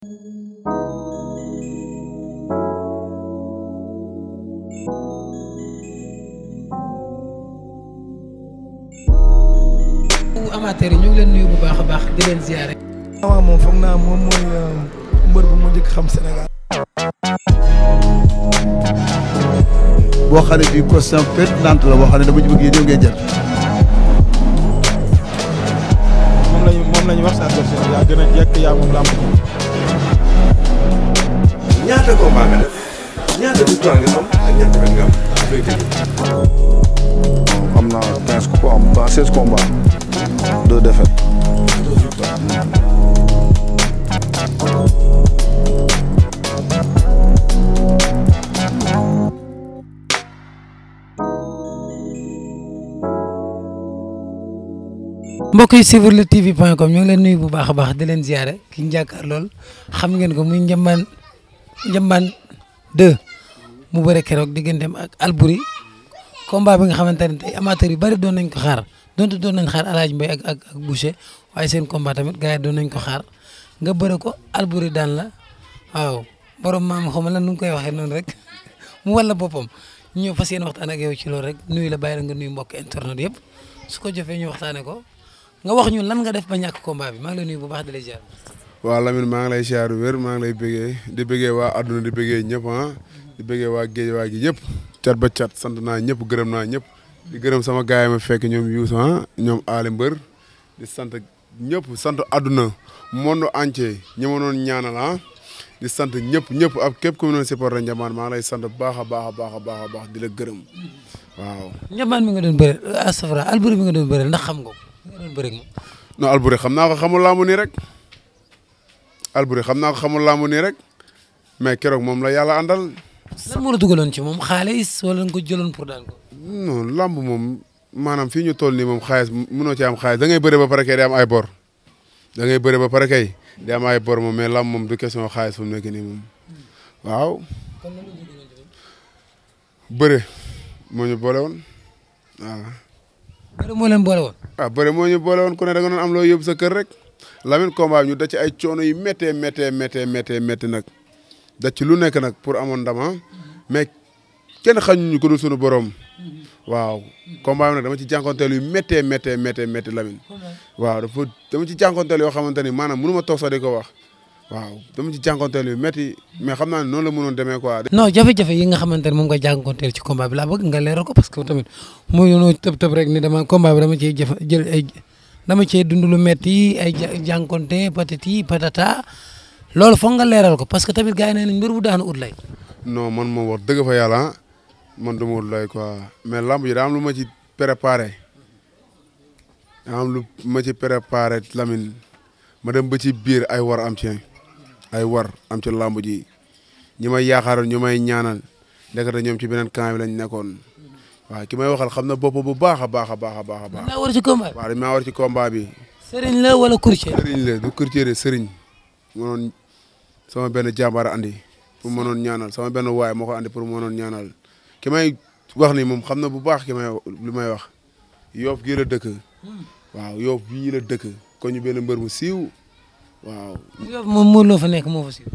amateur yi ñu ngi leen nuyu bu baax a baax di ah, euh, boo xam ne bii question pertinente la boo xam ne dama bëgg yéen ñëw ngeen jël. moom lañu moom lañu wax gën a jekk yaa moom làmb ñaata combat nga def ñaata victoire nga mbokk yi suivre Lutte TV point com ñu ngi leen bu baax a baax di leen ziare ki ñu jàkkaar lool xam ngeen ko muy njëmmal. njëmbaan 2 mu bëre keroog digganteem ak Albouri combat bi nga xamante ne tey amateur yu bëri doon nañ ko xaar donte doon nañ xaar alaaj Mbay ak ak ak Boucher waaye seen combat tamit gars doon nañ ko xaar nga bëre ko Albouri daan la waaw borom maam xaw ma lan nu koy waxee noonu rek mu walla boppam ñu ñëw fas yéene ak yow ci loolu rek nuyu la bàyyi la nga nuyu mbokk internet yëpp su ko jëfee ñu waxtaanee ko nga wax ñu lan nga def ba ñàkk combat bi maa ngi lay nuyu bu baax di la ziar. waaw Lamine maa ngi lay siyaar wér maa ngi lay bëggee di bëggee waa àdduna di bëggee ñëpp ah di bëggee waa géej waa gi ñëpp cat ba cat sant naa ñëpp gërëm naa ñëpp di gërëm sama gaay ma fekk ñoom Youssou ah ñoom Aali Mbër di sant ñëpp sant àdduna monde entier ñi ma doon ñaanal ah di sant ñëpp ñëpp ak képp ku mu doon supporter Ndiamane maa ngi lay sant baax a baax baax baax a baax di la gërëm waaw. Ndiamane mi nga doon bëre astafurlah Alboury mi nga doon xam nga ko mi nga doon bëre ak rek. Alboury xam naa ko xamul laamu nii rek mais keroog moom la yàlla àndal. lan moo la dugaloon ci moom xaalis wala nga ko jëloon pour daan ko. non làmb moom maanaam fii ñu tol nii moom xaalis mënoo ci am xaalis da ngay bëre ba pare kay day am ay bor da ngay bëre ba pare kay day am ay bor moom mais làmb moom du question xaalis fu mu nekk nii moom waaw. moo ñu boole woon waaw. moo leen boole woon. Ah, ñu boole woon ku ne da am loo yóbbu sa rek. Lamine combat bi ñu da ay coono yu méttee méttee méttee méttee nag da lu nekk nag pour amoon ndama ah. mais kenn xañuñu ko dul sunu borom. waaw combat bi nag dama ci jànkonteel yu méttee méttee méttee métti Lamine. waaw dafa dama ci jànkonteel yoo xamante ni maanaam mënu ma toog sax di ko wax. waaw dama ci jànkonteel xam naa ne noonu la mënoon demee quoi. non jafe-jafe yi nga xamante ne moom nga jànkonteel ci combat laa bëgg nga leeral ko parce que tamit mooy tëb tëb rek ni dama combat bi dama ciy jëf dama cee dund lu metti ay jànkonte patati patata loolu foog nga leeral ko parce que tamit gars yi nee nañ mbir bu daanu ut lay. non man moom wax dëgg fa yàlla man du ma ut lay quoi mais lamb yi daa lu ma ci préparé daa am lu ma ci préparé Lamine ma dem ba ci biir ay war am ci ay war am ci lamb ji ñi may yaakaaroon ñu may ñaanal ndekete ñoom ci beneen camp bi lañ nekkoon. waaw ki may waxal xam na bopp bu baax a baax a baax a baax. a baax war ci combat bi waaw dañ bi. sëriñ la wala courtier. sëriñ la du benn jàmbaar andi pour mënoon ñaanal sama benn waay moo ko andi pour mënoon ñaanal ki may wax ni moom xam na bu baax ki may li may wax. yoof gii dëkk. Hmm. waaw yoof bii la dëkk. ko benn mbër mu siiw waaw. yoof fa nekk moo fa siiw.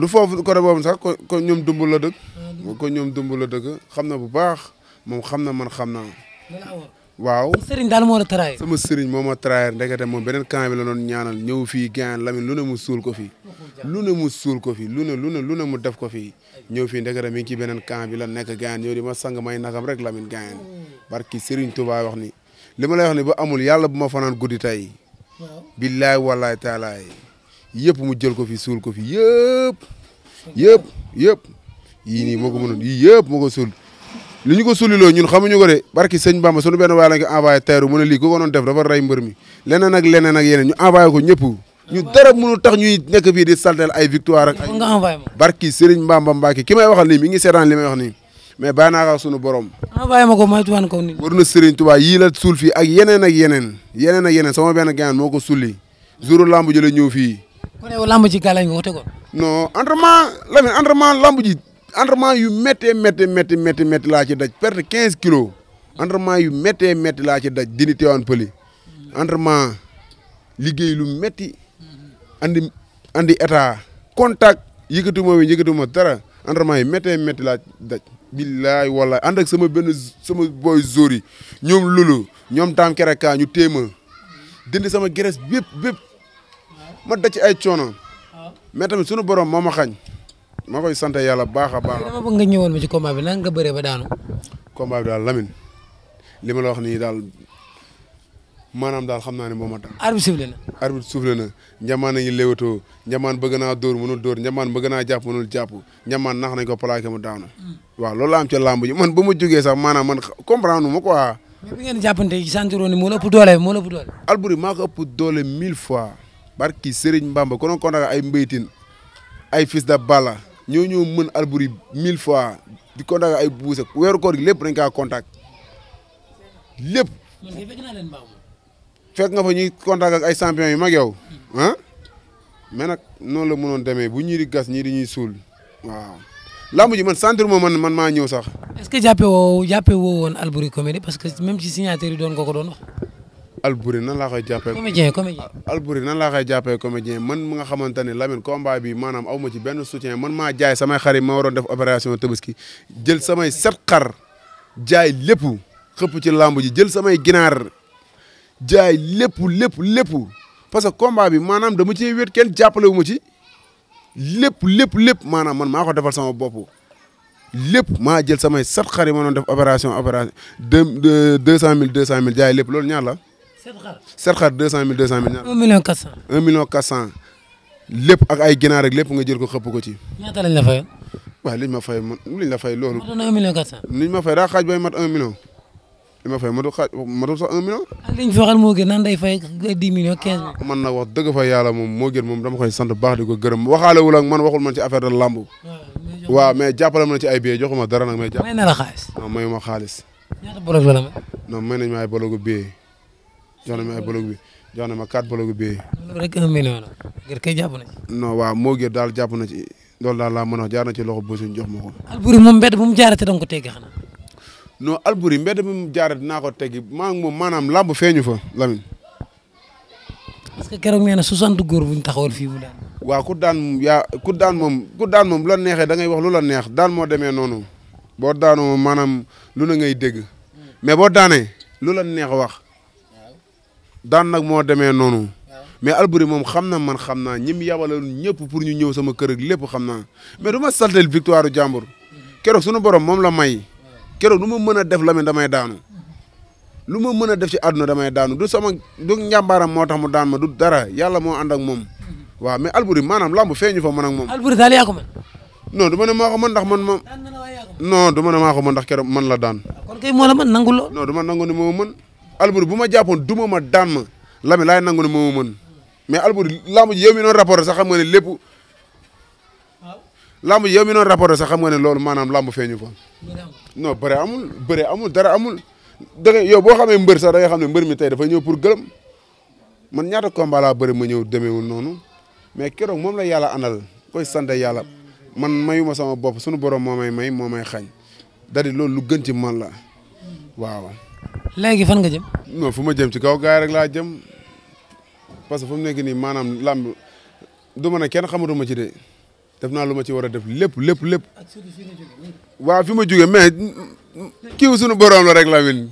du foofu côté boobu sax ko ñoom dumb la dëkk. Ah, ko ñoom dumb la xam na bu baax. moom xam na man xam naa. waaw sëriñ daal moo la trahir. sama sëriñ moo ma trahir ndekete moom beneen camp bi la doon ñaanal ñëw fii gaan Lamine lu ne mu suul ko fi. lu ne mu suul ko fi lu ne lu lu ne mu def ko fi. ñëw fii ndekete mi ci beneen camp bi la nekk gaan ñëw di ma sang may nakam rek Lamine gaan mm. barki sëriñ Touba wax ni li ma lay wax ni ba amul yàlla bu ma fanaan guddi tey. waaw billaay taalaay yëpp mu jël ko fi suul ko fi yëpp. yëpp yëpp yii ko mënoon li ñu ko suliloo ñun xamuñu ko de barki sëñ Bamba sunu benn waay lañ ko envoyé teeru mu ne lii ku ko def dafa rey mbër mi leneen ak leneen ak yeneen ñu envoyé ko ñëpp ñu dara mënul tax ñuy nekk fii di saltel ay victoire ak ay barki sëriñ ko ma ko ko war na sëriñ Tuubaa yii la suul fii ak yeneen ak yeneen yeneen ak yeneen sama benn gaan moo ko sulli jour lamb ji la ñëw fii kon yow lamb ji gàllañ nga wote entraînement yu méttee métti métti métti métti laa ci daj perte quinze kilos entraînement yu méttee métti laa ci daj dini teewaan pëli entraînement liggéey lu métti andi andi état contact yëkkatuma wi yëkkatuma dara entraînement yu méttee métti laa daj billaay walaay ànd ak sama benn sama boy zori ñoom lulu ñoom taam kereka ñu téema dindi sama graisse bépp bépp ma daj ci ay coono ah. mais tamit sunu borom moo ma xañ ma koy sant yàlla baax a baax. dama bëgg nga ñëwoon ma ci combat bi nan nga bëree ba daanu. combat bi daal Lamine li ma la wax nii daal maanaam daal xam naa ne moom a daal. arbitre soufflé na. arbitre soufflé na njamaan nañu léwatoo njamaan bëgg naa dóor mënul dóor njamaan bëgg naa jàpp mënul jàpp njamaan nax nañ ko plaqué mu daanu. Hmm. waaw loolu la am ca làmb ji man ba ma jógee sax maanaam man comprendre ma quoi. mais bi ngeen jàppante ci sant ni moo la ëpp doole moo a ëpp doole. Alboury maa ko ëpp ay mbaytin ay fils de Balla. ñoo ñoo mën Alboury mille fois di contact ay buus ak weeru koor gi lépp dañ kaa contact lépp. fekk nga fa ñuy contact ak ay champion yu mag yow ah mais nag noonu la mënoon demee bu ñii di gas ñii di ñuy suul waaw. lamb ji man sentir moom man maa ñëw sax. est-ce que jàppee woo jàppee woo woon Alboury Comédie parce que même ci signataire yi doon nga ko doon wax. Alboury nan laa koy jàppee. comédien comédien. Alboury nan laa koy jàppee comédien man mi nga xamante ne Lamine combat bi maanaam aw ma ci benn soutien man maa jaay samay xar yi ma waroon def opération tabaski jël samay set xar jaay lépp xëpp ci làmb ji jël samay ginaar jaay lépp lépp lépp parce que combat bi maanaam dama ci wéet kenn jàppale wu ma ci lépp lépp lépp maanaam man maa ko defal sama bopp. lépp maa jël samay sat xar yi ma doon def opération opération deux cent mille deux cent mille jaay lépp loolu ñaar la. sept xar deux cent mille deux cent mille ñaar. un million quatre cent. million quatre cent lépp ay ginaar rek lépp nga jël ko xëpp ko ci. ñaata la fayal. waaw liñ ma fay man liñ la fay loolu. matoon na un ma fay daa xaaj bay mat un million. li ma fay matu xaaj matu sax un million. Ah, liñ fi waxal moo nan day fay dix millions quinze millions. man na wax dëgg fa yàlla moom moo gën moom dama koy sant baax di ko gërëm waxaale wul ak man waxul man ci affaire de lamb. waaw mais jàppale ma ci ay billets joxuma dara nag. may na la xaalis. non mayuma xaalis. ñaata bolog la la may. non may nañ ma ay bologu billets jox na ma ay bolog bi jox na ma quatre bolog bi. loolu rek un million la ngir kay jàpp na ci. non waaw moo gën daal jàpp na ci loolu daal laa mën a wax jaar na ci loxo bosuñ jox ma ko. Alboury moom mbedd bu mu jaarate da nga ko teggi xanaa. non bu mu jaarate dinaa feeñu fa Lamine. parce que keroog nee na bu ñu taxawal fii mu daan. waaw ku daan yaa ku moom ku daan moom la neexee da ngay wax lu la neex daan moo demee noonu boo daanoo maanaam lu na ngay dégg mm. mais boo daanee lu la neex wax. daan nag moo demee noonu. mais Alboury moom xam na man xam naa ñi mu yabaloon ñëpp pour ñu ñëw sama kër ak lépp xam naa mais du ma saltel victoire du mhm. keroog sunu borom moom la may keroog lu ma mën a def la damay daanu lu ma mën a def ci àdduna damay daanu du sama du njàmbaaram moo tax mu daan ma du dara yàlla moo ànd moom mhm. waaw mais Alboury maanaam lamb feeñu fa man ak moom. Alboury daal yaa ko mën. non du ma ne maa ko man ma. non du ma ne maa ko ndax keroog man la daan. kon du ma nangu ni moo Alboury bu ma jàppoon duma ma daan ma Lamine laay nangu ne moo ma mën mais Alboury lamb ji yow mi noonu rapport sax xam nga ne lépp lamb ji mi noonu rapport sa xam nga ne loolu maanaam lambu feeñu ko non bëre amul amul dara amul da ngay yow boo xamee mbër sax da ngay xam ne mbër mi tey dafa ñëw pour gëlëm man ñaata combat laa ma ñëw demeewul noonu mais keroog moom la yàlla àndal koy sant yàlla man mayuma sama bopp sunu borom moo may may moo may xañ da di loolu lu gën ci man la léegi fan nga jëm. non fu ma jëm ci kaw gars rek laa jëm parce que fu mu nekk nii maanaam làmb du kenn ne kenn ci de def naa lu ma ci war a def lépp lépp lépp. waaw fi ma jógee mais kiiw suñu borom la rek Lamine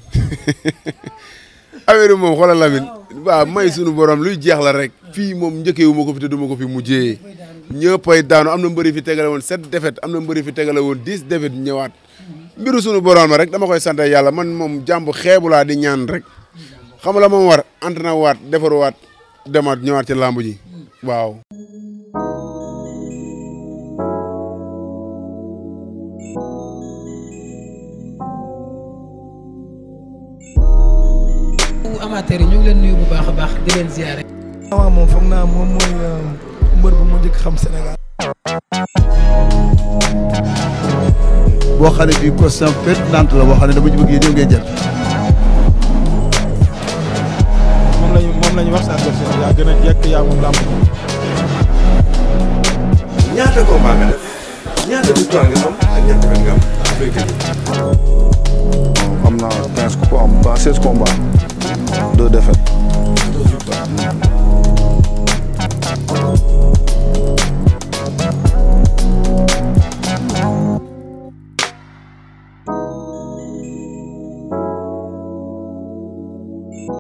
affaire moom xoolal Lamine waaw may sunu borom luy jeex la rek fii moom njëkkee wu ko fi te du ko fi mujjee ñëppay daanu am na mbëri fi tegale woon set defet am na mbëri fi tegale woon dix défaites ñëwaat. mbiru sunu borom rek dama koy sant yàlla man moom jàmb xeebu laa di ñaan rek xam nga la moom war entraîné waat defaruwaat demaat ñëwaat ci làmb ji waaw. boo xam ne bii question pertinente la boo xam ne dama ci bëgg ngeen jël. moom lañu moom lañu yaa gën a jekk yaa moom làmb. ñaata combat nga def ñaata victoire nga am ak ñaata benn nga am béykat yi. am na quinze combats seize combats deux défaites.